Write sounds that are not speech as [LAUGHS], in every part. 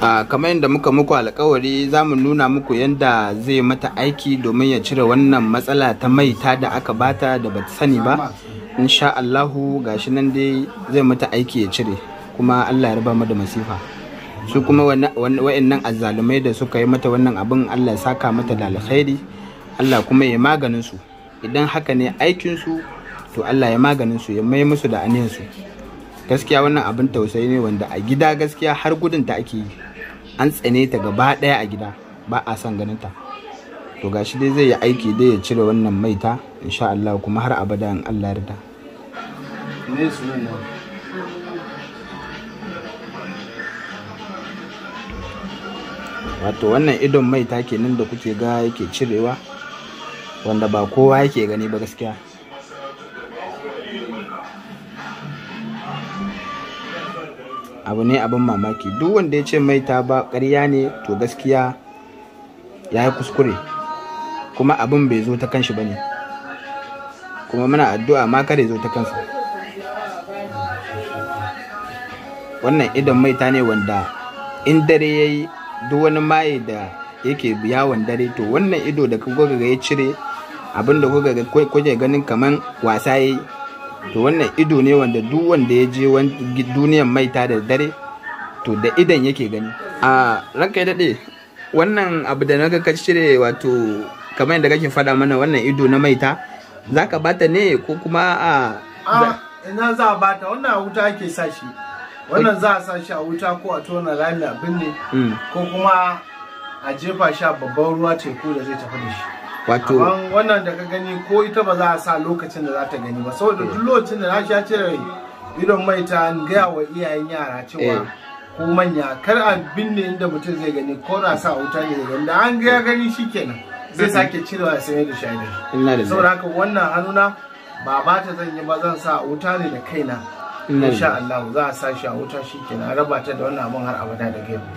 a kamar yadda muka muku alkawari za mu nuna muku yadda zai mata aiki domin ya cire wannan matsala ta maita da aka bata da bata sani ba insha Allahu gashi nan dai zai mata aiki ya cire kuma Allah ya raba mu da masifa su kuma wa'annan azzalumai da suka yi mata wannan abin Allah ya saka mata da alkhairi Allah kuma ya maganin su idan haka ne aikin su to Allah ya maganin su ya mai musu da aniyan su gaskiya wannan abin tausayi ne wanda a gida gaskiya har gudun ta ake yi an tsane ta gaba ɗaya a gida ba a son ganin ta to gashi dai zai yi aiki dai ya cire wannan maita insha Allah kuma har abada in Allah yarda ne sunan wato wannan idon maita kenan da kuke ga yake cirewa wanda ba kowa yake gani ba gaskiya abu ne abin mamaki duk wanda ya ce mai ta ba karya ne to gaskiya ya yi kuskure kuma abin bai zo ta kanshi ba ne kuma muna addu'a ma kare zo ta kansa wannan idan maita ne wanda in dare ya yi duk wani maye da yake yawon dare to wannan ido da kuka ga ya cire abin da kuka ga ganin kaman wasa ya yi to wannan ido ne wanda duk wanda ya je duniyan maita da dare to da idan yake gani a ranka ya daɗe wannan abu da naga ka cire wato kamar yadda kake faɗa mana wannan ido na maita za ka bata ne ko kuma a ina za a bata wannan a wuta ake sa shi wannan za a sa shi a wuta ko a tona rami abin ne hmm. ko kuma a jefa shi a babban ruwa teku da zai tafi da shi wato wannan da ka gani ko ita ba za a sa lokacin da za ta gani ba saboda duk lokacin da na sha cire idon mai ta gaya wa iyayen yara cewa eh. ko manya kar a binne inda mutum zai gani ko na sa wuta ne daga da an ga gani kenan zai sake cirewa sai da shaidar saboda haka wannan hannuna ba ba ta zan yi ba zan sa wuta ne da kaina Mm. insha Allah za a sashi a wuta shi ke kenan raba ta da wannan abun har abada da gaibu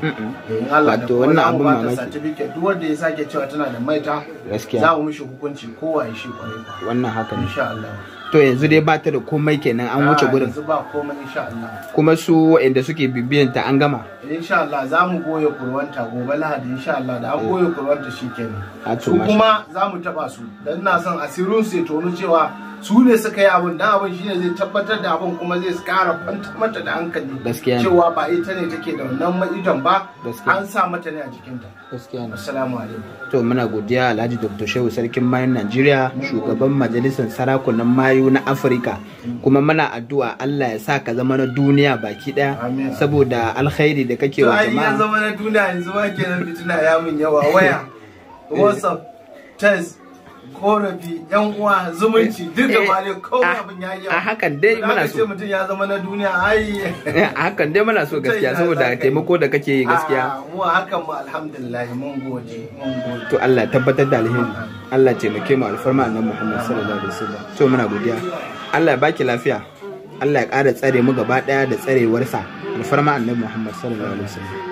eh, in Allah da wannan abun mamaki certificate duk wanda ya sake cewa tana da maita gaskiya za mu mishi hukunci kowa ya shi kwarai wannan haka ne insha Allah to yanzu dai ba ta da komai kenan an wuce ah, gurin yanzu ba komai insha Allah kuma su waɗanda suke bibiyan ta an gama insha Allah za mu goye kurwanta gobe Lahadi insha Allah da an eh. goye kurwanta shikenan ah, su kuma za mu taɓa su dan na son asirin su ya tono cewa su ne suka yi abin dan abin shine zai tabbatar da abin kuma zai kara kwantar mata da hankali gaskiya cewa ba ita ne take da wannan ma'idan ba an sa mata ne a jikinta gaskiya ne assalamu alaikum to muna godiya Alhaji Dr. Shehu sarkin mayun Najeriya shugaban majalisar sarakunan mayu na Afirka kuma muna addu'a Allah ya sa ka zama na duniya baki daya saboda alkhairi da kake wa jama'a to ai zama na duniya yanzu ba kenan fituna ya mun yawa waya [LAUGHS] whatsapp test korafi yan uwa zumunci duk da eh, bare kowa ah, abin yi a ah, hakan dai muna so mutum ya zama na duniya ai eh, a ah, hakan dai muna so [LAUGHS] gaskiya saboda taimako da kake yi gaskiya mu hakan mu alhamdulillah mun gode mun gode to Allah tabbatar da alheri Allah taimake mu alfarma annabi Muhammad sallallahu alaihi wasallam to muna godiya Allah ya baki lafiya Allah ya ƙara tsare mu gaba ɗaya da tsarewarsa alfarma annabi Muhammad sallallahu alaihi wasallam